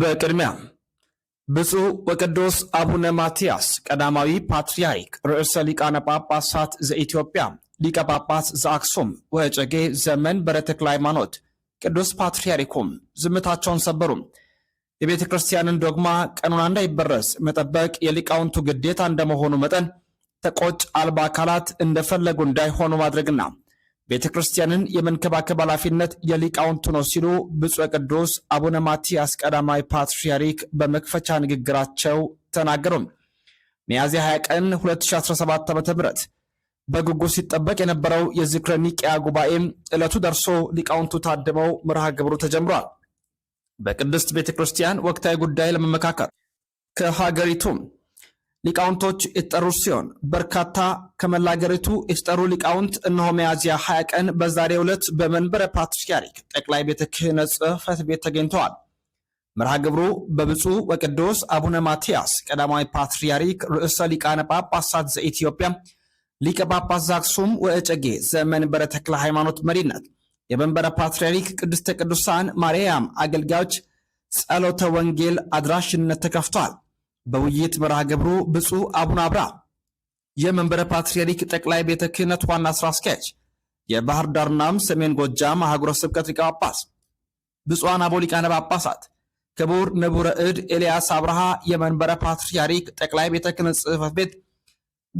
በቅድሚያ ብፁዕ ወቅዱስ አቡነ ማትያስ ቀዳማዊ ፓትርያርክ ርዕሰ ሊቃነ ጳጳሳት ዘኢትዮጵያ ሊቀ ጳጳስ ዘአክሱም ወጨጌ ዘመን ተክለ ሃይማኖት ቅዱስ ፓትርያርኩም ዝምታቸውን ሰበሩ። የቤተ ክርስቲያንን ዶግማ ቀኖና እንዳይበረስ መጠበቅ የሊቃውንቱ ግዴታ እንደመሆኑ መጠን ተቆጭ አልባ አካላት እንደፈለጉ እንዳይሆኑ ማድረግና ቤተ ክርስቲያንን የመንከባከብ ኃላፊነት የሊቃውንቱ ነው ሲሉ ብፁዕ ቅዱስ አቡነ ማትያስ ቀዳማዊ ፓትርያርክ በመክፈቻ ንግግራቸው ተናገሩም። ሚያዝያ 20 ቀን 2017 ዓ.ም በጉጉት ሲጠበቅ የነበረው የዝክረ ኒቅያ ጉባኤም ዕለቱ ደርሶ ሊቃውንቱ ታድመው መርሃ ግብሩ ተጀምሯል። በቅድስት ቤተ ክርስቲያን ወቅታዊ ጉዳይ ለመመካከር ከሀገሪቱም ሊቃውንቶች የተጠሩ ሲሆን በርካታ ከመላ አገሪቱ የተጠሩ ሊቃውንት እነሆ ሚያዝያ 20 ቀን በዛሬው ዕለት በመንበረ ፓትርያርክ ጠቅላይ ቤተ ክህነት ጽሕፈት ቤት ተገኝተዋል። መርሃ ግብሩ በብፁዕ ወቅዱስ አቡነ ማትያስ ቀዳማዊ ፓትርያርክ ርዕሰ ሊቃነ ጳጳሳት ዘኢትዮጵያ ሊቀ ጳጳስ ዘአክሱም ወእጨጌ ዘመንበረ ተክለ ሃይማኖት መሪነት የመንበረ ፓትርያርክ ቅድስተ ቅዱሳን ማርያም አገልጋዮች ጸሎተ ወንጌል አድራሽነት ተከፍቷል። በውይይት መርሃ ግብሩ ብፁዕ አቡነ አብራ የመንበረ ፓትርያርክ ጠቅላይ ቤተ ክህነት ዋና ስራ አስኪያጅ የባህር ዳርናም ሰሜን ጎጃም አህጉረ ስብከት ሊቀ ጳጳስ፣ ብፁዓን አበው ሊቃነ ጳጳሳት፣ ክቡር ንቡረ እድ ኤልያስ አብርሃ የመንበረ ፓትርያርክ ጠቅላይ ቤተ ክህነት ጽሕፈት ቤት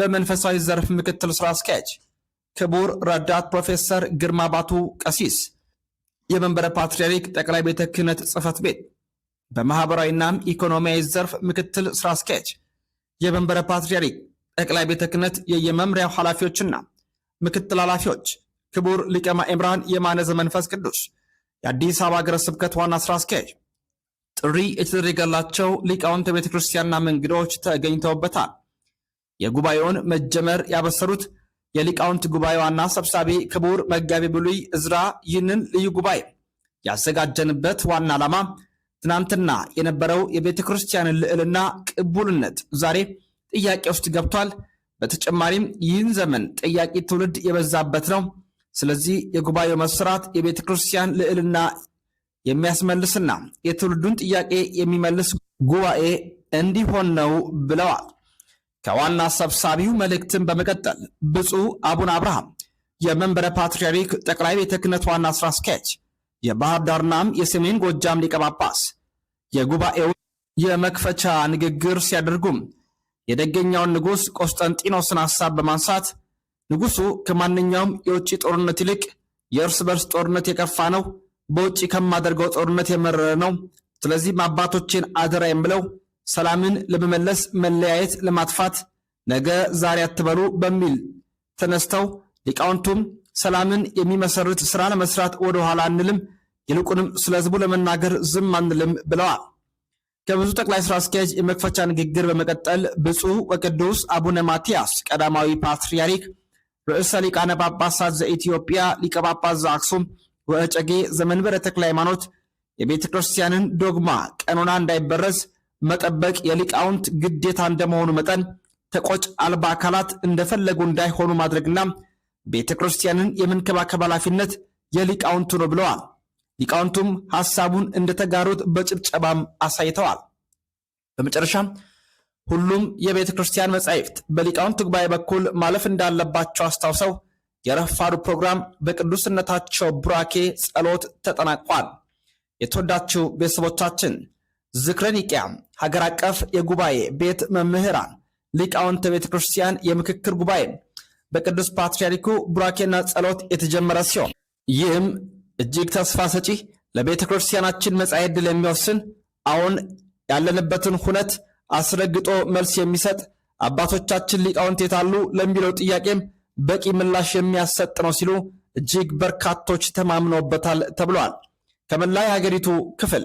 በመንፈሳዊ ዘርፍ ምክትል ስራ አስኪያጅ፣ ክቡር ረዳት ፕሮፌሰር ግርማ ባቱ ቀሲስ የመንበረ ፓትርያርክ ጠቅላይ ቤተ ክህነት ጽሕፈት ቤት በማህበራዊና ኢኮኖሚያዊ ዘርፍ ምክትል ስራ አስኪያጅ፣ የመንበረ ፓትርያርክ ጠቅላይ ቤተ ክህነት የየመምሪያው ኃላፊዎችና ምክትል ኃላፊዎች፣ ክቡር ሊቀ ማእምራን የማነ ዘመንፈስ ቅዱስ የአዲስ አበባ ሀገረ ስብከት ዋና ስራ አስኪያጅ ጥሪ የተደረገላቸው ሊቃውንተ ቤተ ክርስቲያንና መንግዶች ተገኝተውበታል። የጉባኤውን መጀመር ያበሰሩት የሊቃውንት ጉባኤ ዋና ሰብሳቢ ክቡር መጋቢ ብሉይ እዝራ ይህንን ልዩ ጉባኤ ያዘጋጀንበት ዋና ዓላማ ትናንትና የነበረው የቤተ ክርስቲያንን ልዕልና ቅቡልነት ዛሬ ጥያቄ ውስጥ ገብቷል። በተጨማሪም ይህን ዘመን ጠያቂ ትውልድ የበዛበት ነው። ስለዚህ የጉባኤው መስራት የቤተ ክርስቲያን ልዕልና የሚያስመልስና የትውልዱን ጥያቄ የሚመልስ ጉባኤ እንዲሆን ነው ብለዋል። ከዋና ሰብሳቢው መልእክትን በመቀጠል ብፁዕ አቡነ አብርሃም የመንበረ ፓትርያርክ ጠቅላይ ቤተ ክህነት ዋና ስራ አስኪያጅ የባህር ዳርናም የሰሜን ጎጃም ሊቀ ጳጳስ የጉባኤው የመክፈቻ ንግግር ሲያደርጉም የደገኛውን ንጉሥ ቆስጠንጢኖስን ሐሳብ በማንሳት ንጉሡ ከማንኛውም የውጭ ጦርነት ይልቅ የእርስ በርስ ጦርነት የከፋ ነው፣ በውጭ ከማደርገው ጦርነት የመረረ ነው። ስለዚህም አባቶቼን አደራ የምለው ሰላምን ለመመለስ መለያየት ለማጥፋት ነገ ዛሬ አትበሉ በሚል ተነስተው ሊቃውንቱም ሰላምን የሚመሰርት ስራ ለመስራት ወደኋላ አንልም፣ ይልቁንም ስለ ህዝቡ ለመናገር ዝም አንልም ብለዋል። ከብዙ ጠቅላይ ስራ አስኪያጅ የመክፈቻ ንግግር በመቀጠል ብፁዕ ወቅዱስ አቡነ ማትያስ ቀዳማዊ ፓትርያርክ ርዕሰ ሊቃነ ጳጳሳት ዘኢትዮጵያ ሊቀ ጳጳስ ዘአክሱም ወእጨጌ ዘመንበረ ተክለ ሃይማኖት የቤተ ክርስቲያንን ዶግማ ቀኖና እንዳይበረዝ መጠበቅ የሊቃውንት ግዴታ እንደመሆኑ መጠን ተቆጭ አልባ አካላት እንደፈለጉ እንዳይሆኑ ማድረግና ቤተ ክርስቲያንን የመንከባከብ ኃላፊነት የሊቃውንቱ ነው ብለዋል። ሊቃውንቱም ሐሳቡን እንደተጋሩት በጭብጨባም አሳይተዋል። በመጨረሻም ሁሉም የቤተ ክርስቲያን መጻሕፍት በሊቃውንት ጉባኤ በኩል ማለፍ እንዳለባቸው አስታውሰው የረፋዱ ፕሮግራም በቅዱስነታቸው ቡራኬ ጸሎት ተጠናቋል። የተወዳችው ቤተሰቦቻችን ዝክረ ኒቅያ ሀገር አቀፍ የጉባኤ ቤት መምህራን ሊቃውንተ ቤተ ክርስቲያን የምክክር ጉባኤ በቅዱስ ፓትርያርኩ ቡራኬና ጸሎት የተጀመረ ሲሆን ይህም እጅግ ተስፋ ሰጪ ለቤተ ክርስቲያናችን መጻኤ ዕድል የሚወስን አሁን ያለንበትን ሁነት አስረግጦ መልስ የሚሰጥ አባቶቻችን ሊቃውንት የታሉ ለሚለው ጥያቄም በቂ ምላሽ የሚያሰጥ ነው ሲሉ እጅግ በርካቶች ተማምነውበታል ተብሏል። ከመላ የሀገሪቱ ክፍል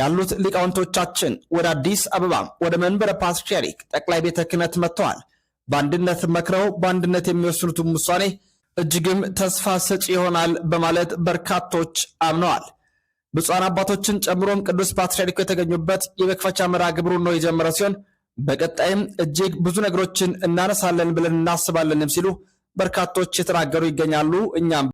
ያሉት ሊቃውንቶቻችን ወደ አዲስ አበባ ወደ መንበረ ፓትርያርክ ጠቅላይ ቤተ ክህነት መጥተዋል። በአንድነት መክረው በአንድነት የሚወስኑትም ውሳኔ እጅግም ተስፋ ሰጪ ይሆናል በማለት በርካቶች አምነዋል። ብፁዓን አባቶችን ጨምሮም ቅዱስ ፓትርያርኩ የተገኙበት የመክፈቻ መርሃ ግብሩን ነው የጀመረ ሲሆን በቀጣይም እጅግ ብዙ ነገሮችን እናነሳለን ብለን እናስባለንም ሲሉ በርካቶች የተናገሩ ይገኛሉ። እኛም